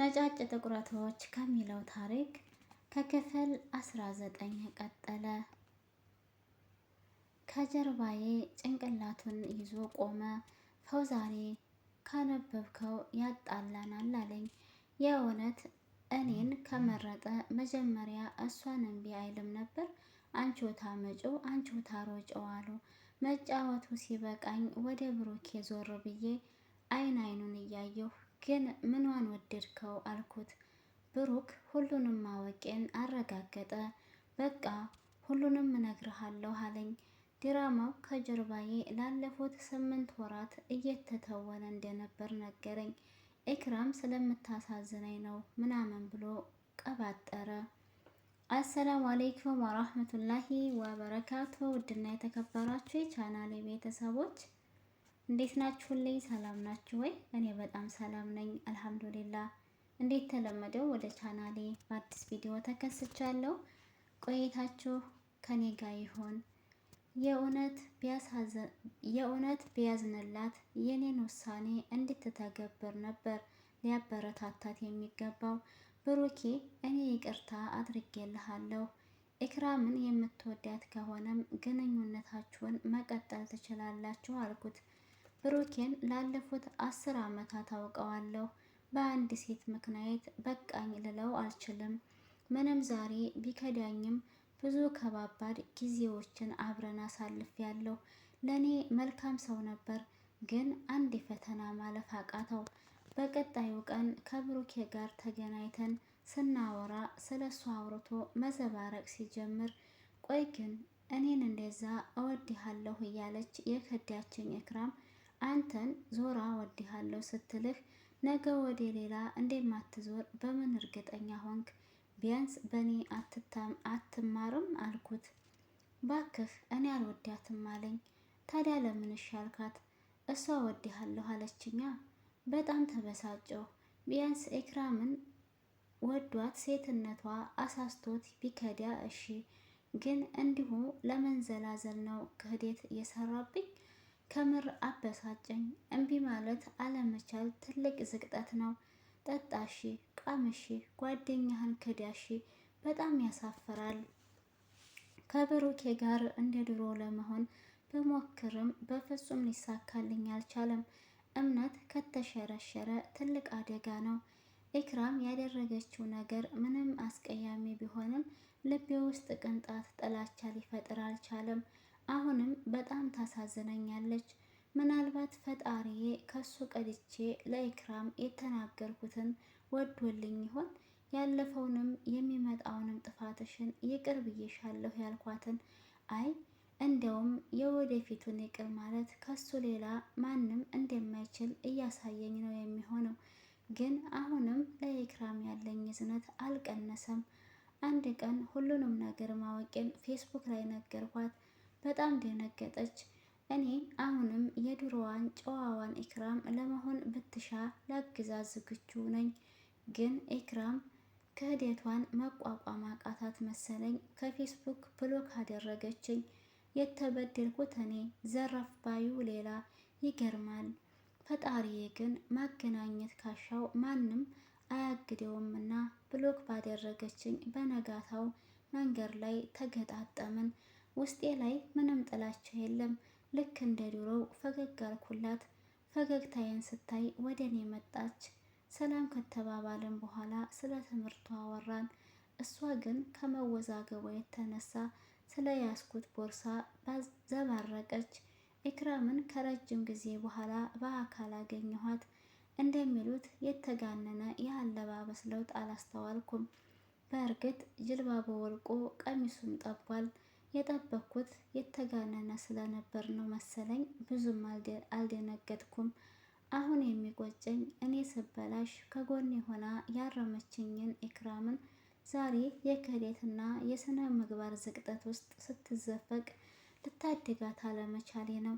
ነጫጭ ጥቁረቶች ከሚለው ታሪክ ከክፍል 19 ቀጠለ። ከጀርባዬ ጭንቅላቱን ይዞ ቆመ። ፈውዛኔ ካነበብከው ያጣላናል አለኝ። የእውነት እኔን ከመረጠ መጀመሪያ እሷን እምቢ አይልም ነበር። አንቾታ መጮ አንቾታ ሮጨው አሉ። መጫወቱ ሲበቃኝ ወደ ብሩኬ ዞር ብዬ አይን አይኑን እያየሁ ግን ምኗን ወደድከው አልኩት። ብሩክ ሁሉንም ማወቄን አረጋገጠ። በቃ ሁሉንም እነግርሃለሁ አለኝ። ድራማው ከጀርባዬ ላለፉት ስምንት ወራት እየተተወነ እንደነበር ነገረኝ። ኤክራም ስለምታሳዝነኝ ነው ምናምን ብሎ ቀባጠረ። አሰላሙ አሌይኩም ወራህመቱላሂ ወበረካቱ። ውድና የተከበራችሁ የቻናሌ ቤተሰቦች እንዴት ናችሁልኝ? ሰላም ናችሁ ወይ? እኔ በጣም ሰላም ነኝ አልሐምዱሊላ። እንዴት ተለመደው ወደ ቻናሌ በአዲስ ቪዲዮ ተከስቻለሁ። ቆይታችሁ ከኔ ጋር ይሆን። የእውነት ቢያዝንላት የኔን ውሳኔ እንድትተገብር ነበር ሊያበረታታት የሚገባው። ብሩኬ እኔ ይቅርታ አድርጌልሃለሁ። ኢክራምን የምትወዳት ከሆነም ግንኙነታችሁን መቀጠል ትችላላችሁ አልኩት። ብሩኬን ላለፉት አስር ዓመታት አውቀዋለሁ። በአንድ ሴት ምክንያት በቃኝ ልለው አልችልም። ምንም ዛሬ ቢከዳኝም ብዙ ከባባድ ጊዜዎችን አብረን አሳልፍ ያለሁ። ለእኔ መልካም ሰው ነበር፣ ግን አንድ ፈተና ማለፍ አቃተው። በቀጣዩ ቀን ከብሩኬ ጋር ተገናኝተን ስናወራ ስለ እሱ አውርቶ መዘባረቅ ሲጀምር፣ ቆይ ግን እኔን እንደዛ እወድሃለሁ እያለች የከዳችኝ እክራም ። አንተን ዞራ ወዲሃለሁ ስትልህ ነገ ወደ ሌላ እንደማትዞር በምን እርግጠኛ ሆንክ? ቢያንስ በእኔ አትማርም አልኩት። ባክህ እኔ አልወዳትም አለኝ። ታዲያ ለምን ሻልካት? አልካት? እሷ ወዲሃለሁ አለችኛ። በጣም ተበሳጨሁ። ቢያንስ ኤክራምን ወዷት ሴትነቷ አሳስቶት ቢከዳ እሺ፣ ግን እንዲሁ ለመንዘላዘል ነው ክህደት እየሰራብኝ ከምር አበሳጨኝ። እምቢ ማለት አለመቻል ትልቅ ዝቅጠት ነው። ጠጣሺ፣ ቃምሺ፣ ጓደኛህን ክዳሺ፣ በጣም ያሳፍራል። ከብሩኬ ጋር እንደ ድሮ ለመሆን በሞክርም በፍጹም ሊሳካልኝ አልቻለም። እምነት ከተሸረሸረ ትልቅ አደጋ ነው። ኢክራም ያደረገችው ነገር ምንም አስቀያሚ ቢሆንም ልቤ ውስጥ ቅንጣት ጥላቻ ሊፈጥር አልቻለም። አሁንም በጣም ታሳዝነኛለች። ምናልባት ፈጣሪዬ ከሱ ቀድቼ ለኢክራም የተናገርኩትን ወዶልኝ ይሆን? ያለፈውንም የሚመጣውንም ጥፋትሽን ይቅር ብዬሻለሁ ያልኳትን አይ እንዲያውም የወደፊቱን ይቅር ማለት ከሱ ሌላ ማንም እንደማይችል እያሳየኝ ነው የሚሆነው። ግን አሁንም ለኢክራም ያለኝ እዝነት አልቀነሰም። አንድ ቀን ሁሉንም ነገር ማወቄን ፌስቡክ ላይ ነገርኳት። በጣም ደነገጠች። እኔ አሁንም የድሮዋን ጨዋዋን ኢክራም ለመሆን ብትሻ ላግዛ ዝግጁ ነኝ። ግን ኢክራም ክህደቷን መቋቋም አቃታት መሰለኝ። ከፌስቡክ ብሎክ አደረገችኝ። የተበደልኩት እኔ፣ ዘራፍ ባዩ ሌላ። ይገርማል። ፈጣሪዬ ግን ማገናኘት ካሻው ማንም አያግደውምና ብሎክ ባደረገችኝ በነጋታው መንገድ ላይ ተገጣጠምን። ውስጤ ላይ ምንም ጥላቻ የለም። ልክ እንደ ድሮው ፈገግ አልኩላት። ፈገግታዬን ስታይ ወደ እኔ መጣች። ሰላም ከተባባልን በኋላ ስለ ትምህርቱ አወራን። እሷ ግን ከመወዛገቧ የተነሳ ስለ ያስኩት ቦርሳ ዘባረቀች። ኢክራምን ከረጅም ጊዜ በኋላ በአካል አገኘኋት። እንደሚሉት የተጋነነ የአለባበስ ለውጥ አላስተዋልኩም። በእርግጥ ጅልባቡ ወልቆ ቀሚሱም ጠቧል። የጠበኩት የተጋነነ ስለነበር ነው መሰለኝ ብዙም አልደነገጥኩም። አሁን የሚቆጨኝ እኔ ስበላሽ ከጎኔ ሆና ያረመችኝን ኢክራምን ዛሬ የክህደትና የስነ ምግባር ዝቅጠት ውስጥ ስትዘፈቅ ልታድጋት አለመቻሌ ነው።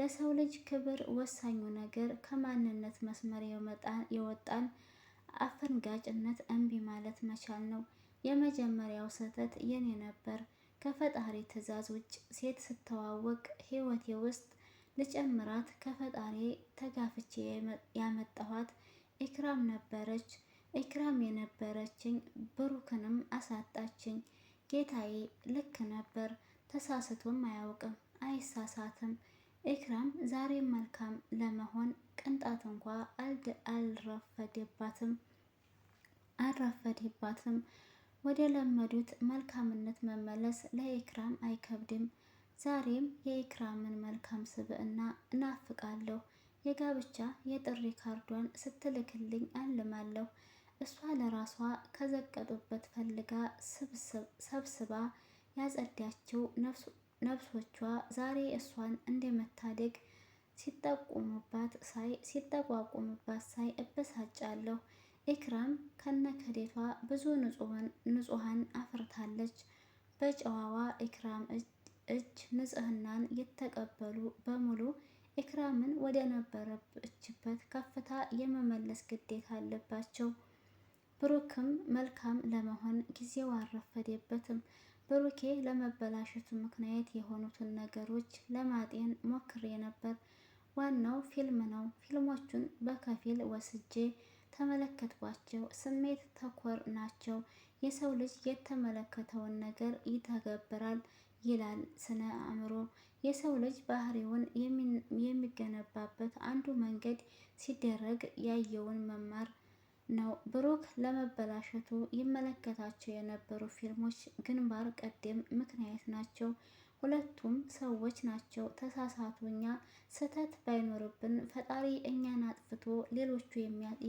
ለሰው ልጅ ክብር ወሳኙ ነገር ከማንነት መስመር የወጣን አፈንጋጭነት እምቢ ማለት መቻል ነው። የመጀመሪያው ስህተት የኔ ነበር። ከፈጣሪ ትዕዛዝ ውጭ ሴት ስተዋወቅ ህይወቴ ውስጥ ልጨምራት ከፈጣሪ ተጋፍቼ ያመጣኋት ኢክራም ነበረች። ኢክራም የነበረችኝ ብሩክንም አሳጣችኝ። ጌታዬ ልክ ነበር፣ ተሳስቶም አያውቅም፣ አይሳሳትም። ኢክራም ዛሬ መልካም ለመሆን ቅንጣት እንኳ አልረፈደባትም አልረፈደባትም። ወደ ለመዱት መልካምነት መመለስ ለኤክራም አይከብድም። ዛሬም የኢክራምን መልካም ስብዕና እናፍቃለሁ። የጋብቻ የጥሪ ካርዷን ስትልክልኝ አልማለሁ። እሷ ለራሷ ከዘቀጡበት ፈልጋ ሰብስባ ያጸዳቸው ነፍሶቿ ዛሬ እሷን እንደመታደግ ሲጠቁሙባት ሲጠቋቁሙባት ሳይ እበሳጫለሁ። ኢክራም ከነከዴቷ ብዙ ንጹሐን አፍርታለች። በጨዋዋ ኢክራም እጅ ንጽህናን የተቀበሉ በሙሉ ኢክራምን ወደ ነበረችበት ከፍታ የመመለስ ግዴታ አለባቸው። ብሩክም መልካም ለመሆን ጊዜው አረፈዴበትም። ብሩኬ ለመበላሸቱ ምክንያት የሆኑትን ነገሮች ለማጤን ሞክሬ ነበር። ዋናው ፊልም ነው። ፊልሞቹን በከፊል ወስጄ ተመለከትኳቸው። ስሜት ተኮር ናቸው። የሰው ልጅ የተመለከተውን ነገር ይተገብራል ይላል ስነ አእምሮ። የሰው ልጅ ባህሪውን የሚገነባበት አንዱ መንገድ ሲደረግ ያየውን መማር ነው። ብሩክ ለመበላሸቱ ይመለከታቸው የነበሩ ፊልሞች ግንባር ቀደም ምክንያት ናቸው። ሁለቱም ሰዎች ናቸው ተሳሳቱ። እኛ ስህተት ባይኖርብን ፈጣሪ እኛን አጥፍቶ ሌሎቹ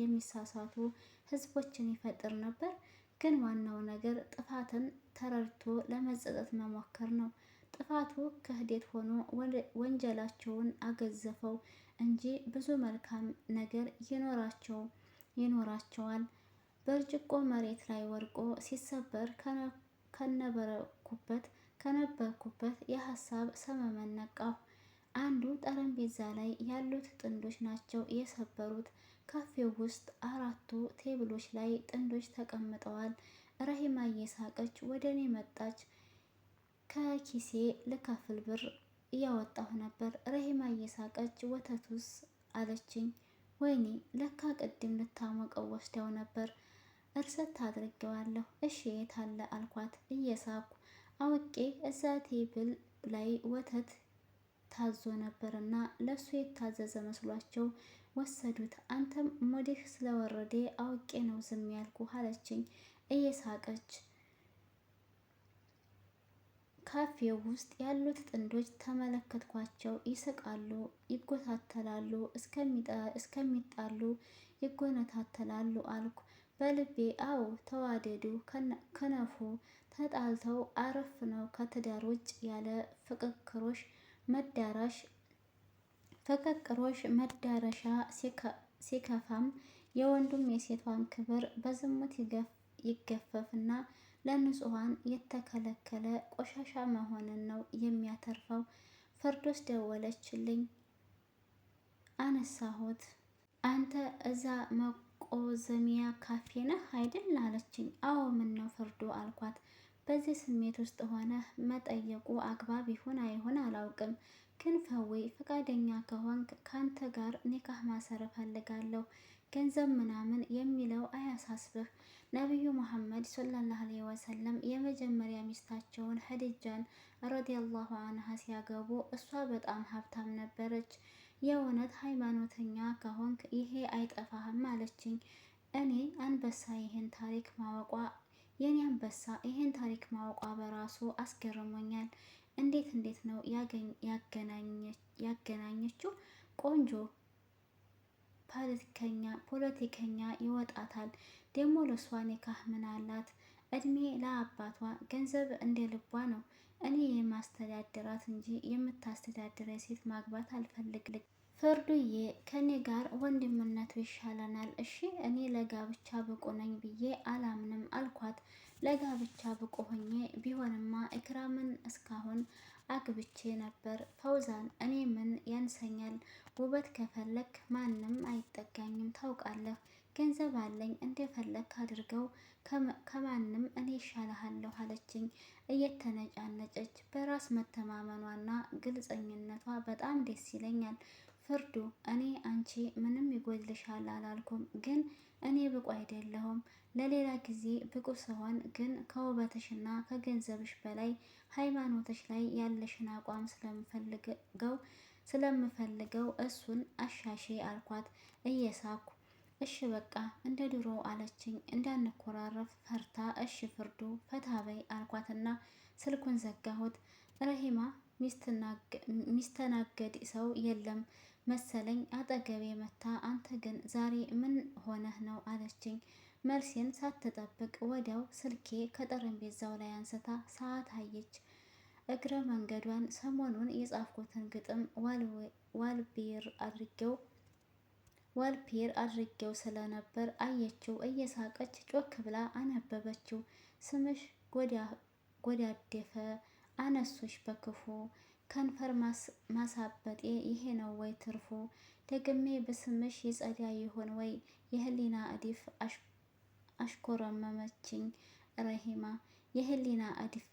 የሚሳሳቱ ህዝቦችን ይፈጥር ነበር። ግን ዋናው ነገር ጥፋትን ተረድቶ ለመጸጸት መሞከር ነው። ጥፋቱ ክህደት ሆኖ ወንጀላቸውን አገዘፈው እንጂ ብዙ መልካም ነገር ይኖራቸዋል። በርጭቆ መሬት ላይ ወድቆ ሲሰበር ከነበረኩበት ከነበርኩበት የሀሳብ ሰመመን ነቃሁ። አንዱ ጠረጴዛ ላይ ያሉት ጥንዶች ናቸው የሰበሩት። ካፌው ውስጥ አራቱ ቴብሎች ላይ ጥንዶች ተቀምጠዋል። ረሂማ እየሳቀች ወደ እኔ መጣች። ከኪሴ ልከፍል ብር እያወጣሁ ነበር። ረሂማ እየሳቀች ወተቱስ አለችኝ። ወይኔ ለካ ቅድም ልታሞቀው ወስደው ነበር። እርሰት አድርጌዋለሁ። እሺ የታለ አልኳት እየሳኩ አውቄ እዛ ቴብል ላይ ወተት ታዞ እና ለሱ የታዘዘ መስሏቸው ወሰዱት። አንተም ሞዴህ ስለወረዴ አውቄ ነው ዝም ያልኩ አለችኝ እየሳቀች። ካፌው ውስጥ ያሉት ጥንዶች ተመለከትኳቸው። ይስቃሉ፣ ይጎታተላሉ፣ እስከሚጣሉ ይጎነታተላሉ አልኩ በልቤ። አዎ ተዋደዱ፣ ከነፉ ተጣልተው አረፍ ነው ከትዳር ውጭ ያለ ፍቅክሮሽ መዳራሽ ፍቅክሮሽ መዳረሻ ሲከፋም የወንዱም የሴቷን ክብር በዝሙት ይገፈፍና ለንጹሐን የተከለከለ ቆሻሻ መሆንን ነው የሚያተርፈው። ፍርዶስ ደወለችልኝ፣ አነሳሁት። አንተ እዛ መቆዘሚያ ካፌ ነህ አይደል አለችኝ። አዎ ምን ነው ፍርዶ አልኳት። በዚህ ስሜት ውስጥ ሆነ መጠየቁ አግባብ ይሁን አይሁን አላውቅም፣ ግን ፈዌ ፈቃደኛ ከሆንክ ከአንተ ጋር ኒካህ ማሰር እፈልጋለሁ። ገንዘብ ምናምን የሚለው አያሳስብህ። ነቢዩ መሐመድ ሶለላሁ ዐለይሂ ወሰለም የመጀመሪያ ሚስታቸውን ሀዲጃን ረዲያላሁ አንሃ ሲያገቡ እሷ በጣም ሀብታም ነበረች። የእውነት ሃይማኖተኛ ከሆንክ ይሄ አይጠፋህም አለችኝ። እኔ አንበሳ ይህን ታሪክ ማወቋ የኔ አንበሳ ይህን ታሪክ ማወቋ በራሱ አስገርሞኛል። እንዴት እንዴት ነው ያገናኘችው? ቆንጆ ፖለቲከኛ ፖለቲከኛ ይወጣታል። ደግሞ ለሷ ኒካህ ምን አላት? እድሜ ለአባቷ ገንዘብ እንደ ልቧ ነው። እኔ የማስተዳድራት እንጂ የምታስተዳድረ ሴት ማግባት አልፈልግልኝ። ፍርዱዬ ከኔ ጋር ወንድምነቱ ይሻለናል፣ እሺ እኔ ለጋብቻ ብቁ ነኝ ብዬ አላምንም አልኳት። ለጋብቻ ብቁ ሆኜ ቢሆንማ እክራምን እስካሁን አግብቼ ነበር። ፈውዛን እኔ ምን ያንሰኛል? ውበት ከፈለክ ማንም አይጠጋኝም ታውቃለህ። ገንዘብ አለኝ እንደፈለክ አድርገው ከማንም እኔ ይሻልሃለሁ አለችኝ። እየተነጫነጨች በራስ መተማመኗና ግልፀኝነቷ በጣም ደስ ይለኛል። ፍርዱ እኔ አንቺ ምንም ይጎድልሻል አላልኩም፣ ግን እኔ ብቁ አይደለሁም። ለሌላ ጊዜ ብቁ ስሆን ግን ከውበትሽና ከገንዘብሽ በላይ ሃይማኖትሽ ላይ ያለሽን አቋም ስለምፈልገው ስለምፈልገው እሱን አሻሼ አልኳት እየሳኩ። እሺ በቃ እንደ ድሮ አለችኝ። እንዳንኮራረፍ ፈርታ እሺ ፍርዱ ፈታበይ አልኳትና ስልኩን ዘጋሁት። ረሂማ ሚስተናገድ ሰው የለም። መሰለኝ አጠገቤ መታ። አንተ ግን ዛሬ ምን ሆነህ ነው አለችኝ። መልሴን ሳትጠብቅ ወዲያው ስልኬ ከጠረጴዛው ላይ አንስታ ሰዓት አየች። እግረ መንገዷን ሰሞኑን የጻፍኩትን ግጥም ዋልፔር አድርጌው ዋልፔር አድርጌው ስለነበር አየችው። እየሳቀች ጮክ ብላ አነበበችው። ስምሽ ጎዳደፈ አነሶች በክፉ ከንፈር ማሳበጤ ይሄ ነው ወይ ትርፉ? ደግሜ ብስምሽ ይጸዳ ይሆን ወይ? የህሊና እድፍ አሽኮረመመችኝ ረሂማ የህሊና እድፍ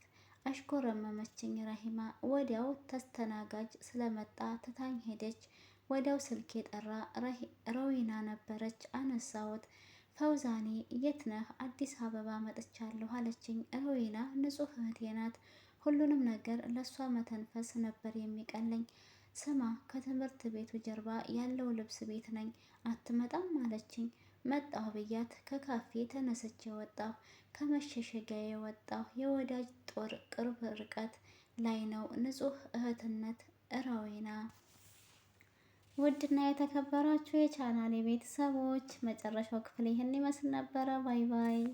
አሽኮረመመችኝ ረሂማ። ወዲያው ተስተናጋጅ ስለመጣ ትታኝ ሄደች። ወዲያው ስልክ የጠራ ረዊና ነበረች። አነሳሁት። ፈውዛኔ የት ነህ? አዲስ አበባ መጥቻለሁ አለችኝ። ረዊና ንጹህ እህቴ ናት። ሁሉንም ነገር ለእሷ መተንፈስ ነበር የሚቀለኝ። ስማ ከትምህርት ቤቱ ጀርባ ያለው ልብስ ቤት ነኝ፣ አትመጣም አለችኝ። መጣሁ ብያት ከካፌ ተነስቼ ወጣሁ። ከመሸሸጊያ የወጣሁ የወዳጅ ጦር ቅርብ ርቀት ላይ ነው። ንጹህ እህትነት እራዊና ውድና የተከበራችሁ የቻናሌ ቤተሰቦች መጨረሻው ክፍል ይህን ይመስል ነበረ። ባይ ባይ።